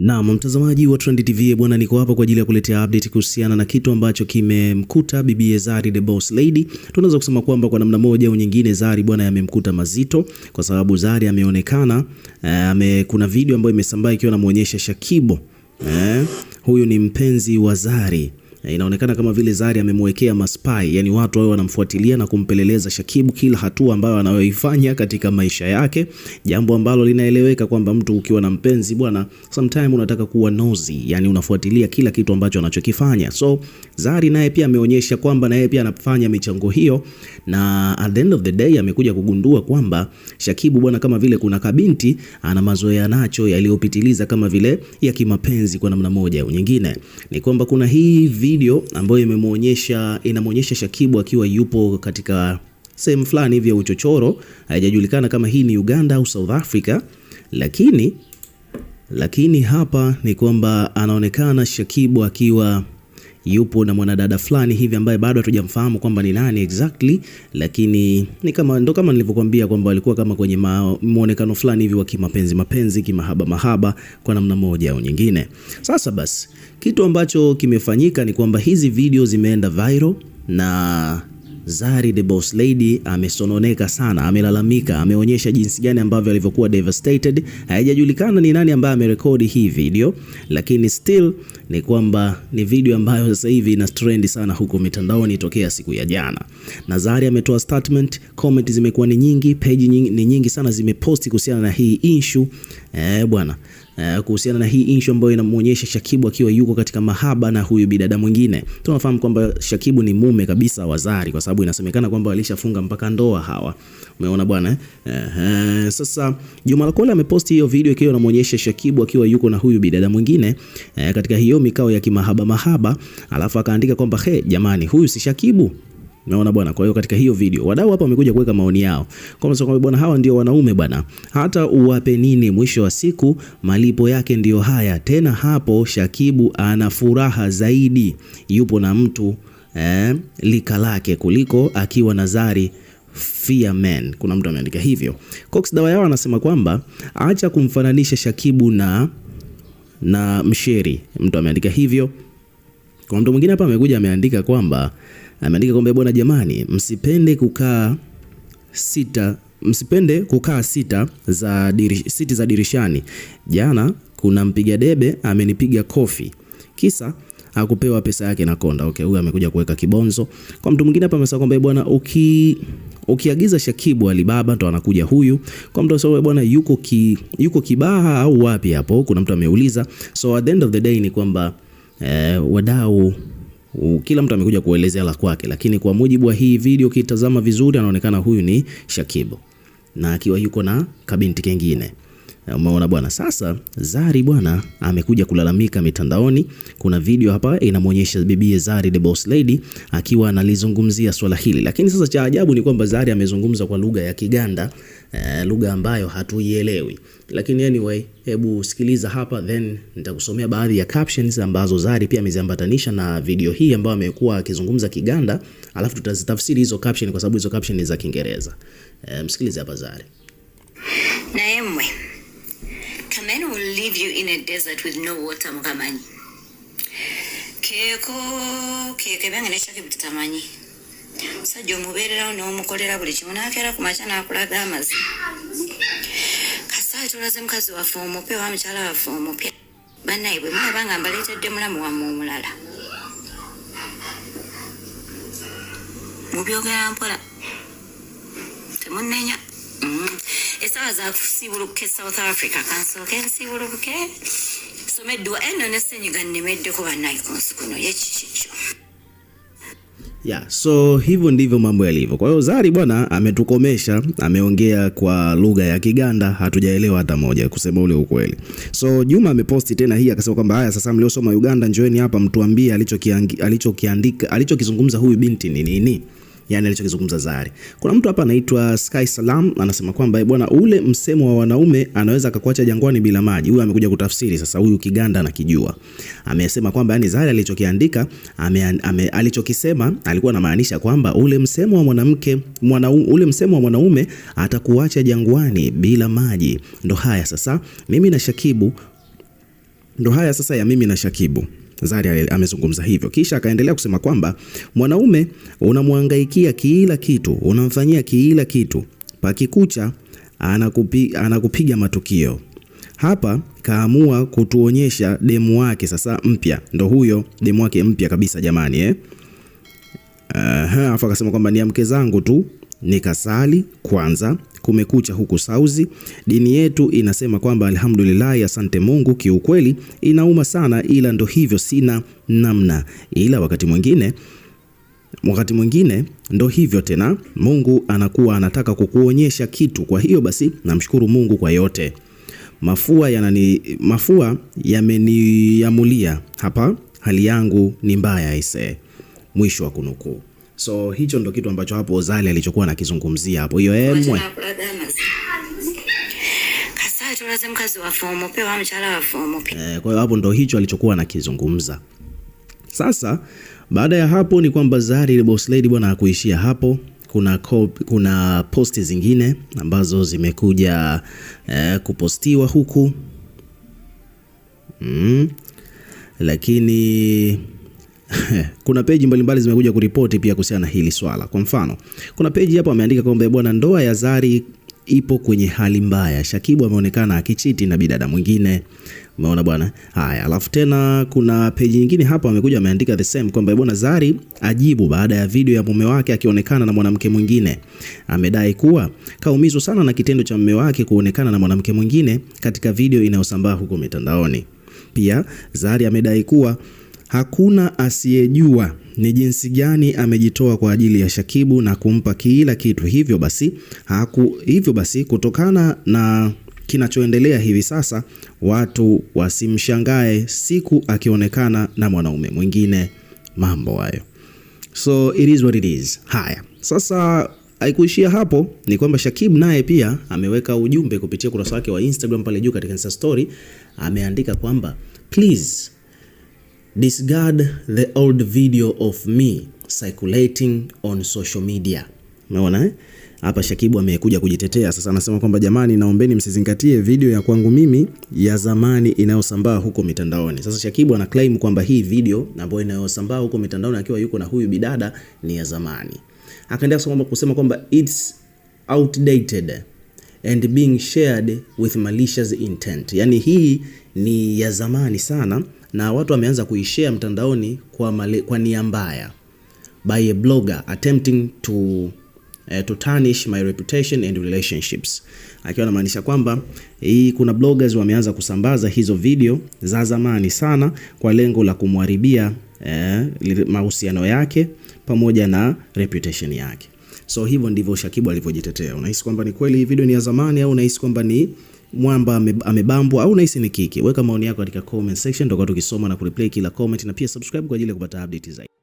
Naam, mtazamaji wa Trend TV bwana, niko hapa kwa ajili ya kuletea update kuhusiana na kitu ambacho kimemkuta bibi Zari the Boss Lady. Tunaweza kusema kwamba kwa namna moja au nyingine Zari bwana, yamemkuta mazito, kwa sababu Zari ameonekana eh, ame, kuna video ambayo imesambaa ikiwa inamuonyesha Shakibo eh, huyu ni mpenzi wa Zari Eh, inaonekana kama vile Zari amemwekea maspai, yani watu wao wanamfuatilia na kumpeleleza Shakibu kila hatua ambayo anayoifanya katika maisha yake, jambo ambalo linaeleweka kwamba mtu ukiwa na mpenzi bwana, sometime unataka kuwa nosy, yani unafuatilia kila kitu ambacho anachokifanya. So Zari naye pia ameonyesha kwamba naye pia anafanya michango hiyo, na at the end of the day amekuja kugundua kwamba Shakibu bwana, kama vile kuna kabinti ana mazoea nacho yaliyopitiliza kama vile ya kimapenzi kwa namna moja au nyingine, ni kwamba kuna hivi video ambayo imemuonyesha inamuonyesha Shakibu akiwa yupo katika sehemu fulani hivi ya uchochoro. Haijajulikana kama hii ni Uganda au South Africa, lakini lakini hapa ni kwamba anaonekana Shakibu akiwa yupo na mwanadada fulani hivi ambaye bado hatujamfahamu kwamba ni nani exactly, lakini ni kama ndo kama nilivyokuambia kwamba walikuwa kama kwenye muonekano fulani hivi wa kimapenzi mapenzi, kimahaba mahaba kwa namna moja au nyingine. Sasa basi, kitu ambacho kimefanyika ni kwamba hizi video zimeenda viral na Zari the Boss Lady amesononeka sana, amelalamika, ameonyesha jinsi gani ambavyo alivyokuwa devastated. Haijajulikana ni nani ambaye amerekodi hii video, lakini still ni kwamba ni video ambayo sasa hivi ina trend sana huko mitandaoni tokea siku ya jana. Na Zari ametoa statement, comment zimekuwa ni nyingi, page nyingi, ni nyingi sana zimeposti kuhusiana na hii issue. Eh, bwana Eh, kuhusiana na hii inshu ambayo inamuonyesha Shakibu akiwa yuko katika mahaba na huyu bidada mwingine. Tunafahamu kwamba Shakibu ni mume kabisa wa Zari kwa sababu inasemekana kwamba walishafunga mpaka ndoa hawa. Umeona bwana eh? Uh, sasa Juma Lokole ameposti hiyo video ikiwa inamuonyesha Shakibu akiwa yuko na huyu bidada mwingine eh, katika hiyo mikao ya kimahaba mahaba, alafu akaandika kwamba he, jamani huyu si Shakibu? Unaona bwana, kwa hiyo katika hiyo video wadau hapa wamekuja kuweka maoni yao. Kwa sababu mfano bwana, hawa ndio wanaume bwana, hata uwape nini, mwisho wa siku malipo yake ndiyo haya. Tena hapo Shakibu ana furaha zaidi, yupo na mtu eh, lika lake kuliko akiwa na Zari Fear Man. Kuna mtu ameandika hivyo. Cox dawa yao anasema kwamba acha kumfananisha Shakibu na, na Msheri. Mtu ameandika hivyo. Kwa mtu mwingine hapa amekuja ameandika kwamba ameandika kwamba e bwana, jamani, msipende kukaa sita msipende kukaa sita za dirish, siti za dirishani. Jana kuna mpiga debe amenipiga kofi kisa akupewa pesa yake na Konda. Okay, huyu amekuja kuweka kibonzo kwa mtu mwingine hapa. Amesema kwamba e bwana, uki ukiagiza Shakibu Alibaba ndo anakuja huyu. Kwa mtu asema e bwana, yuko ki, yuko Kibaha au wapi hapo? Kuna mtu ameuliza. So at the end of the day ni kwamba eh, wadau kila mtu amekuja kuelezea la kwake, lakini kwa mujibu wa hii video kitazama vizuri, anaonekana huyu ni Shakibo na akiwa yuko na kabinti kengine. Umeona bwana. Sasa Zari bwana amekuja kulalamika mitandaoni. Kuna video hapa inamwonyesha bibi Zari the boss lady akiwa analizungumzia swala hili, lakini sasa cha ajabu ni kwamba Zari amezungumza kwa lugha ya Kiganda eh, lugha ambayo hatuielewi, lakini anyway, hebu sikiliza hapa then nitakusomea baadhi ya captions ambazo Zari pia ameziambatanisha na video hii ambayo amekuwa akizungumza Kiganda, alafu tutazitafsiri hizo caption kwa sababu hizo caption ni za Kiingereza. Eh, msikilize hapa Zari. Naemwe men will leave you in a desert with no water mukamanyi keeko keeko ebyange nekyake bwe tutamanyi omusajja omubeererawo n'omukolera buli kimu nakeera ku makya n'akulaga amazi kasaa tolaze mukazi waffe omupya owa mukyala waffe omupya bannaye bwe mulaba nga mbaleetedde mulamu wamme omulala mubyogera mpola temunenya Mother kusibuluke South Africa kansooke nsibuluke someddwa eno n'essenyiga nnemeddeko bannansi kuno yekikikyo Yeah, so hivyo ndivyo mambo yalivyo. Kwa hiyo Zari bwana ametukomesha, ameongea kwa lugha ya Kiganda, hatujaelewa hata moja kusema ule ukweli. So Juma ameposti tena hii akasema kwamba haya sasa mliosoma Uganda njoeni hapa mtuambie alichokiandika alichokizungumza huyu binti ni nini yani alichokizungumza Zari. Kuna mtu hapa anaitwa Sky Salam anasema kwamba eh, bwana, ule msemo wa wanaume anaweza akakuacha jangwani bila maji, huyu amekuja kutafsiri sasa. Huyu Kiganda anakijua, amesema kwamba yani eh, Zari alichokiandika alichokisema alikuwa anamaanisha kwamba ule msemo wa mwanamke mwana, ule msemo wa mwanaume atakuacha jangwani bila maji. Ndo haya sasa mimi na Shakibu, ndo haya sasa ya mimi na Shakibu Zari amezungumza hivyo, kisha akaendelea kusema kwamba mwanaume unamwangaikia kila kitu, unamfanyia kila kitu, pakikucha anakupi, anakupiga matukio. Hapa kaamua kutuonyesha demu wake sasa mpya, ndo huyo demu wake mpya kabisa jamani, eh. Aha, afu akasema kwamba ni mke zangu tu nikasali kwanza kumekucha huku sauzi. Dini yetu inasema kwamba alhamdulillah, asante Mungu. Kiukweli inauma sana, ila ndo hivyo, sina namna. Ila wakati mwingine wakati mwingine ndo hivyo tena, Mungu anakuwa anataka kukuonyesha kitu. Kwa hiyo basi, namshukuru Mungu kwa yote. Mafua yanani mafua yameniamulia hapa, hali yangu ni mbaya ise. Mwisho wa kunukuu. So hicho ndo kitu ambacho hapo Ozali alichokuwa nakizungumzia hapo, hiyo emwe eh, eh. Kwa hiyo hapo ndo hicho alichokuwa anakizungumza. Sasa baada ya hapo ni kwamba Zari ile boss lady bwana hakuishia hapo. Kuna, kuna posti zingine ambazo zimekuja eh, kupostiwa huku mm, lakini kuna peji mbalimbali zimekuja kuripoti pia kuhusiana na hili swala. Kwa mfano, kuna peji hapa ameandika kwamba eh, bwana, ndoa ya Zari ipo kwenye hali mbaya. Shakibu ameonekana akichiti na bidada mwingine. Umeona bwana? Haya, alafu tena kuna peji nyingine hapa amekuja ameandika the same kwamba eh, bwana Zari ajibu baada ya video ya mume wake akionekana na mwanamke mwingine. Amedai kuwa kaumizwa sana na kitendo cha mume wake kuonekana na mwanamke mwingine katika video inayosambaa huko mitandaoni. Pia Zari amedai kuwa Hakuna asiyejua ni jinsi gani amejitoa kwa ajili ya Shakibu na kumpa kila kitu. Hivyo basi, haku, hivyo basi kutokana na kinachoendelea hivi sasa, watu wasimshangae siku akionekana na mwanaume mwingine. Mambo hayo, so it is what it is. Haya sasa Haikuishia hapo, ni kwamba Shakib naye pia ameweka ujumbe kupitia ukurasa wake wa Instagram pale juu. Katika Insta story ameandika kwamba please Discard the old video of me circulating on social media. Umeona eh? Hapa Shakibu amekuja kujitetea sasa, anasema kwamba jamani, naombeni msizingatie video ya kwangu mimi ya zamani inayosambaa huko mitandaoni. Sasa Shakibu ana claim kwamba hii video ambayo inayosambaa huko mitandaoni akiwa yuko na huyu bidada ni ya zamani. Akaendelea kusema kwamba it's outdated and being shared with malicious intent, Yaani hii ni ya zamani sana na watu wameanza kuishare mtandaoni kwa, male, kwa nia mbaya by a blogger attempting to, uh, to tarnish my reputation and relationships, akiwa anamaanisha kwamba hii kuna bloggers wameanza kusambaza hizo video za zamani sana kwa lengo la kumharibia eh, mahusiano yake pamoja na reputation yake. So hivyo ndivyo Shakibu alivyojitetea. Unahisi kwamba ni kweli hii video ni ya zamani au unahisi kwamba ni mwamba amebambwa au unahisi ni kiki? Weka maoni yako katika comment section, kwa tukisoma na kureplay kila comment, na pia subscribe kwa ajili ya kupata update zaidi.